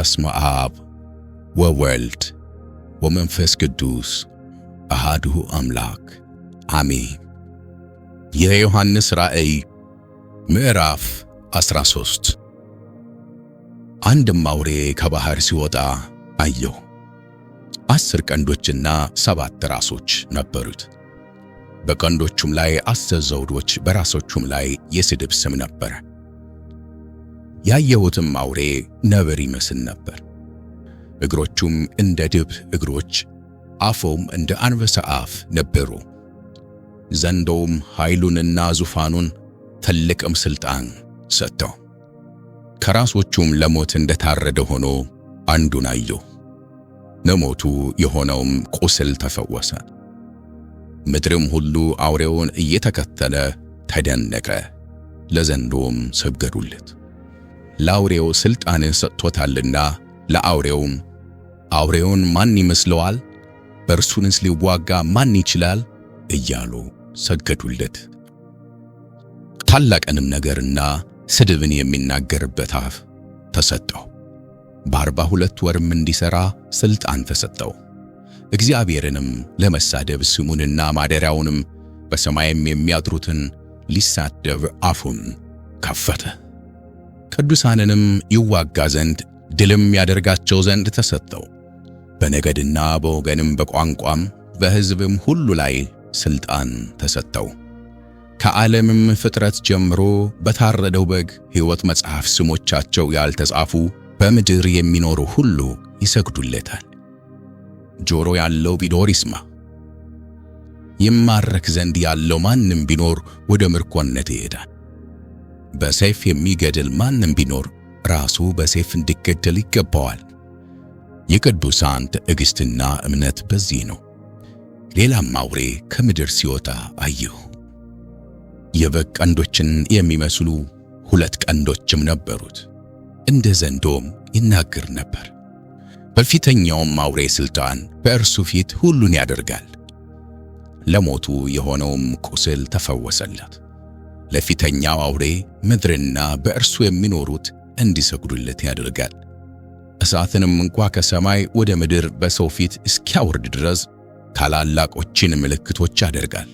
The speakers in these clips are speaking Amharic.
በስመ አብ ወወልድ ወመንፈስ ቅዱስ አሃድሁ አምላክ አሜን። የዮሐንስ ራእይ ምዕራፍ 13 አንድም አውሬ ከባሕር ሲወጣ አየሁ። አስር ቀንዶችና ሰባት ራሶች ነበሩት። በቀንዶቹም ላይ አስር ዘውዶች፣ በራሶቹም ላይ የስድብ ስም ነበረ። ያየሁትም አውሬ ነብር ይመስል ነበር። እግሮቹም እንደ ድብ እግሮች፣ አፉም እንደ አንበሳ አፍ ነበሩ። ዘንዶውም ኃይሉንና ዙፋኑን ትልቅም ሥልጣን ሰጥተው ከራሶቹም ለሞት እንደታረደ ሆኖ አንዱን አየሁ። ለሞቱ የሆነውም ቁስል ተፈወሰ። ምድርም ሁሉ አውሬውን እየተከተለ ተደነቀ፣ ለዘንዶም ሰገዱለት። ለአውሬው ሥልጣንን ሰጥቶታልና ለአውሬውም አውሬውን ማን ይመስለዋል? በእርሱንስ ሊዋጋ ማን ይችላል? እያሉ ሰገዱለት። ታላቅንም ነገርና ስድብን የሚናገርበት አፍ ተሰጠው። በአርባ ሁለት ወርም እንዲሠራ ሥልጣን ተሰጠው። እግዚአብሔርንም ለመሳደብ ስሙንና ማደሪያውንም በሰማይም የሚያድሩትን ሊሳደብ አፉን ከፈተ። ቅዱሳንንም ይዋጋ ዘንድ ድልም ያደርጋቸው ዘንድ ተሰጠው። በነገድና በወገንም በቋንቋም በሕዝብም ሁሉ ላይ ሥልጣን ተሰጠው። ከዓለምም ፍጥረት ጀምሮ በታረደው በግ ሕይወት መጽሐፍ ስሞቻቸው ያልተጻፉ በምድር የሚኖሩ ሁሉ ይሰግዱለታል። ጆሮ ያለው ቢኖር ይስማ። ይማረክ ዘንድ ያለው ማንም ቢኖር ወደ ምርኮነት ይሄዳል። በሰይፍ የሚገድል ማንም ቢኖር ራሱ በሰይፍ እንዲገደል ይገባዋል። የቅዱሳን ትዕግስትና እምነት በዚህ ነው። ሌላም አውሬ ከምድር ሲወጣ አየሁ። የበግ ቀንዶችን የሚመስሉ ሁለት ቀንዶችም ነበሩት፣ እንደ ዘንዶም ይናገር ነበር። በፊተኛውም አውሬ ሥልጣን በእርሱ ፊት ሁሉን ያደርጋል። ለሞቱ የሆነውም ቁስል ተፈወሰለት። ለፊተኛው አውሬ ምድርና በእርሱ የሚኖሩት እንዲሰግዱለት ያደርጋል። እሳትንም እንኳ ከሰማይ ወደ ምድር በሰው ፊት እስኪያወርድ ድረስ ታላላቆችን ምልክቶች ያደርጋል።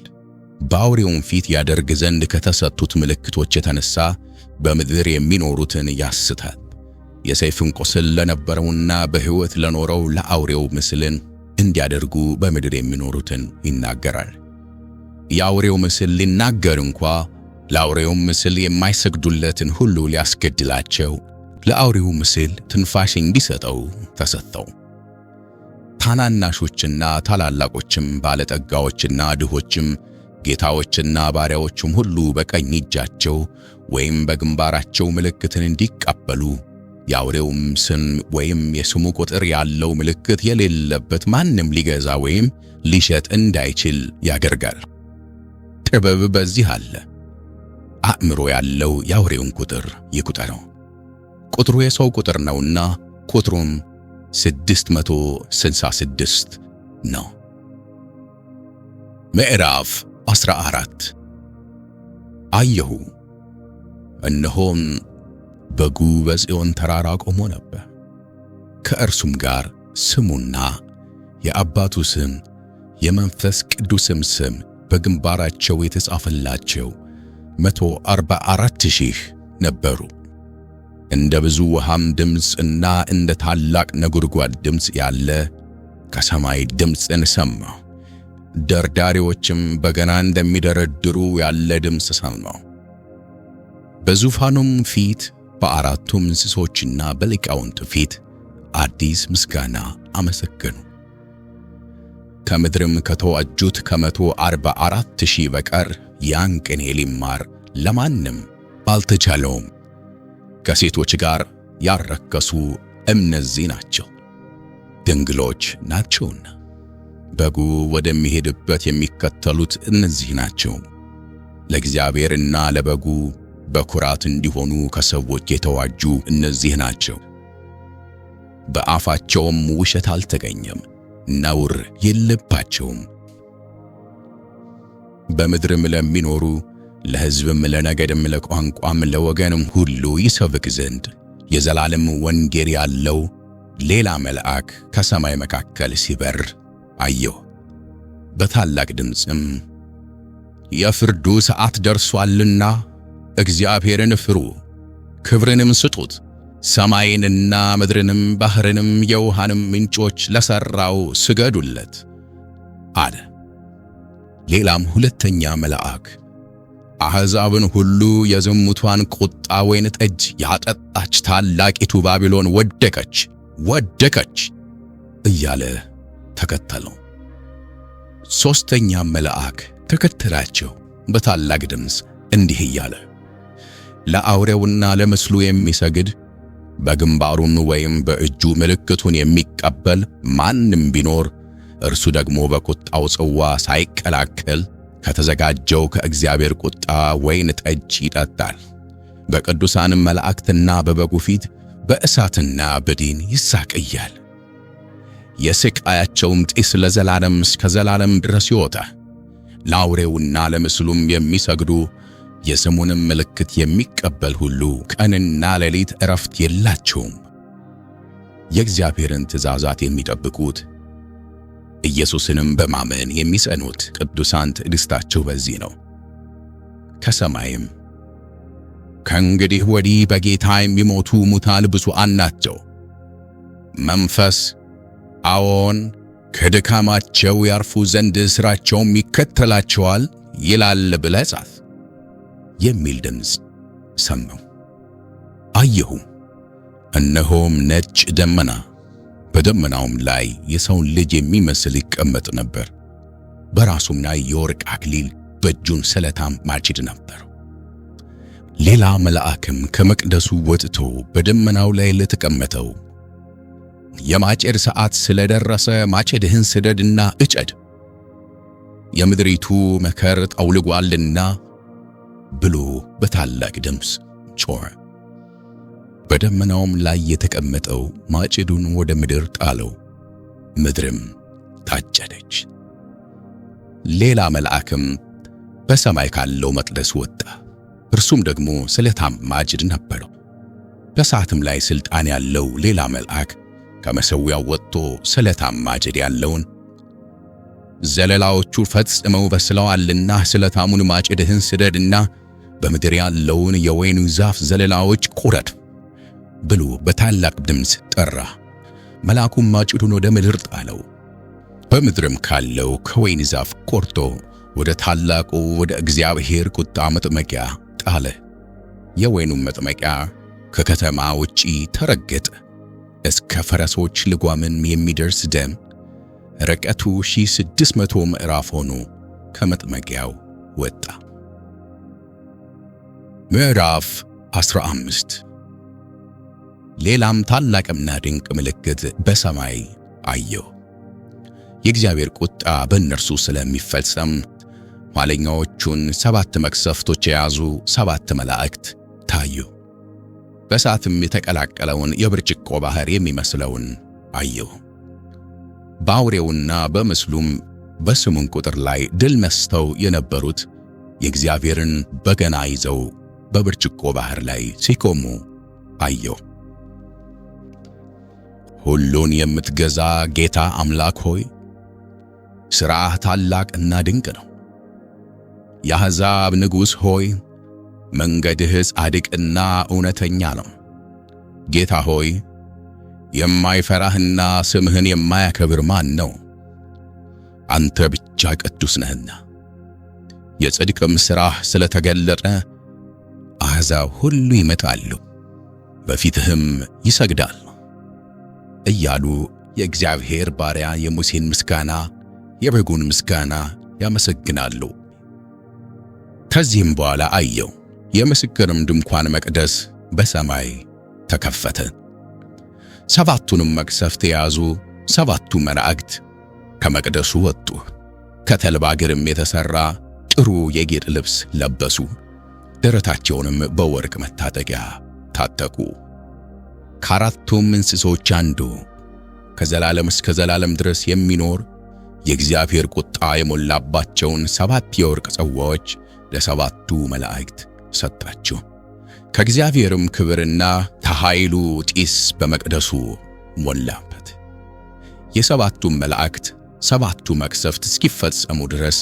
በአውሬውም ፊት ያደርግ ዘንድ ከተሰጡት ምልክቶች የተነሳ በምድር የሚኖሩትን ያስታል። የሰይፍን ቁስል ለነበረውና በሕይወት ለኖረው ለአውሬው ምስልን እንዲያደርጉ በምድር የሚኖሩትን ይናገራል። የአውሬው ምስል ሊናገር እንኳ ለአውሬውም ምስል የማይሰግዱለትን ሁሉ ሊያስገድላቸው ለአውሬው ምስል ትንፋሽ እንዲሰጠው ተሰጠው። ታናናሾችና ታላላቆችም ባለጠጋዎችና ድሆችም ጌታዎችና ባሪያዎችም ሁሉ በቀኝ እጃቸው ወይም በግንባራቸው ምልክትን እንዲቀበሉ የአውሬውም ስም ወይም የስሙ ቁጥር ያለው ምልክት የሌለበት ማንም ሊገዛ ወይም ሊሸጥ እንዳይችል ያደርጋል። ጥበብ በዚህ አለ። አእምሮ ያለው የአውሬውን ቁጥር ይቁጠረው። ቁጥሩ የሰው ቁጥር ነውና ቁጥሩም 666 ነው። ምዕራፍ 14 አየሁ፣ እነሆም በጉ በጽዮን ተራራ ቆሞ ነበር። ከእርሱም ጋር ስሙና የአባቱ ስም የመንፈስ ቅዱስም ስም በግንባራቸው የተጻፈላቸው 144 ሺህ ነበሩ። እንደ ብዙ ውሃም ድምፅ እና እንደ ታላቅ ነጎድጓድ ድምፅ ያለ ከሰማይ ድምፅን ሰማሁ። ደርዳሪዎችም በገና እንደሚደረድሩ ያለ ድምፅ ሰማሁ። በዙፋኑም ፊት በአራቱም እንስሶችና በሊቃውንቱ ፊት አዲስ ምስጋና አመሰገኑ። ከምድርም ከተዋጁት ከመቶ አርባ አራት ሺህ በቀር ያን ቅኔ ሊማር ለማንም ባልተቻለውም። ከሴቶች ጋር ያረከሱ እነዚህ ናቸው፣ ድንግሎች ናቸውና በጉ ወደሚሄድበት የሚከተሉት እነዚህ ናቸው። ለእግዚአብሔርና ለበጉ በኩራት እንዲሆኑ ከሰዎች የተዋጁ እነዚህ ናቸው። በአፋቸውም ውሸት አልተገኘም፣ ነውር የለባቸውም። በምድርም ለሚኖሩ ለሕዝብም ለነገድም ለቋንቋም ለወገንም ሁሉ ይሰብክ ዘንድ የዘላለም ወንጌል ያለው ሌላ መልአክ ከሰማይ መካከል ሲበር አየሁ። በታላቅ ድምፅም የፍርዱ ሰዓት ደርሷልና እግዚአብሔርን ፍሩ፣ ክብርንም ስጡት፣ ሰማይንና ምድርንም ባሕርንም የውሃንም ምንጮች ለሠራው ስገዱለት አለ። ሌላም ሁለተኛ መልአክ አሕዛብን ሁሉ የዝሙቷን ቁጣ ወይን ጠጅ ያጠጣች ታላቂቱ ባቢሎን ወደቀች ወደቀች እያለ ተከተለው። ሦስተኛም መልአክ ተከተላቸው በታላቅ ድምፅ እንዲህ እያለ ለአውሬውና ለምስሉ የሚሰግድ በግንባሩም ወይም በእጁ ምልክቱን የሚቀበል ማንም ቢኖር እርሱ ደግሞ በቁጣው ጽዋ ሳይቀላቀል ከተዘጋጀው ከእግዚአብሔር ቁጣ ወይን ጠጅ ይጠጣል። በቅዱሳን መላእክትና በበጉ ፊት በእሳትና በዲን ይሳቅያል። የስቃያቸውም ጢስ ለዘላለም እስከ ዘላለም ድረስ ይወጣ። ለአውሬውና ለምስሉም የሚሰግዱ የስሙንም ምልክት የሚቀበል ሁሉ ቀንና ሌሊት እረፍት የላቸውም። የእግዚአብሔርን ትእዛዛት የሚጠብቁት ኢየሱስንም በማመን የሚጸኑት ቅዱሳን ትዕግሥታችሁ በዚህ ነው። ከሰማይም ከእንግዲህ ወዲህ በጌታ የሚሞቱ ሙታን ብፁዓን ናቸው። መንፈስ አዎን ከድካማቸው ያርፉ ዘንድ ሥራቸውም ይከተላቸዋል ይላል ብለ ጻፍ የሚል ድምፅ ሰማሁ፣ አየሁ። እነሆም ነጭ ደመና በደመናውም ላይ የሰውን ልጅ የሚመስል ይቀመጥ ነበር። በራሱም ላይ የወርቅ አክሊል፣ በእጁም ስለታም ማጭድ ነበር። ሌላ መልአክም ከመቅደሱ ወጥቶ በደመናው ላይ ለተቀመጠው የማጨድ ሰዓት ስለደረሰ ማጨድህን ስደድና እጨድ፣ የምድሪቱ መከር ጠውልጓልና ብሎ በታላቅ ድምፅ ጮኸ። በደመናውም ላይ የተቀመጠው ማጭዱን ወደ ምድር ጣለው፣ ምድርም ታጨደች። ሌላ መልአክም በሰማይ ካለው መቅደስ ወጣ። እርሱም ደግሞ ስለታም ማጭድ ነበረው። በእሳትም ላይ ሥልጣን ያለው ሌላ መልአክ ከመሠዊያው ወጥቶ ስለታም ማጭድ ያለውን ዘለላዎቹ ፈጽመው በስለዋልና ስለታሙን ማጭድህን ስደድና በምድር ያለውን የወይኑ ዛፍ ዘለላዎች ቁረድ ብሎ በታላቅ ድምፅ ጠራ። መልአኩም ማጭዱን ወደ ምድር ጣለው። በምድርም ካለው ከወይን ዛፍ ቆርጦ ወደ ታላቁ ወደ እግዚአብሔር ቁጣ መጥመቂያ ጣለ። የወይኑም መጥመቂያ ከከተማ ውጪ ተረገጠ። እስከ ፈረሶች ልጓምን የሚደርስ ደም ርቀቱ 1600 ምዕራፍ ሆኖ ከመጥመቂያው ወጣ። ምዕራፍ 15 ሌላም ታላቅና ድንቅ ምልክት በሰማይ አየሁ። የእግዚአብሔር ቁጣ በእነርሱ ስለሚፈጸም ኋለኛዎቹን ሰባት መቅሰፍቶች የያዙ ሰባት መላእክት ታዩ። በእሳትም የተቀላቀለውን የብርጭቆ ባሕር የሚመስለውን አየሁ። በአውሬውና በምስሉም በስሙን ቁጥር ላይ ድል ነስተው የነበሩት የእግዚአብሔርን በገና ይዘው በብርጭቆ ባሕር ላይ ሲቆሙ አየሁ። ሁሉን የምትገዛ ጌታ አምላክ ሆይ ሥራህ ታላቅ እና ድንቅ ነው። የአሕዛብ ንጉሥ ሆይ መንገድህ ጻድቅና እውነተኛ ነው። ጌታ ሆይ የማይፈራህና ስምህን የማያከብር ማን ነው? አንተ ብቻ ቅዱስ ነህና የጽድቅም ሥራህ ስለተገለጠ አሕዛብ ሁሉ ይመጣሉ፣ በፊትህም ይሰግዳል። እያሉ የእግዚአብሔር ባሪያ የሙሴን ምስጋና የበጉን ምስጋና ያመሰግናሉ። ከዚህም በኋላ አየው፣ የምስክርም ድንኳን መቅደስ በሰማይ ተከፈተ። ሰባቱንም መቅሰፍት የያዙ ሰባቱ መላእክት ከመቅደሱ ወጡ። ከተልባ እግርም የተሠራ ጥሩ የጌጥ ልብስ ለበሱ። ደረታቸውንም በወርቅ መታጠቂያ ታጠቁ። ከአራቱም እንስሶች አንዱ ከዘላለም እስከ ዘላለም ድረስ የሚኖር የእግዚአብሔር ቁጣ የሞላባቸውን ሰባት የወርቅ ጽዋዎች ለሰባቱ መላእክት ሰጣቸው። ከእግዚአብሔርም ክብርና ተኃይሉ ጢስ በመቅደሱ ሞላበት። የሰባቱም መላእክት ሰባቱ መቅሰፍት እስኪፈጸሙ ድረስ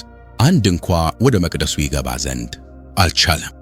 አንድ እንኳ ወደ መቅደሱ ይገባ ዘንድ አልቻለም።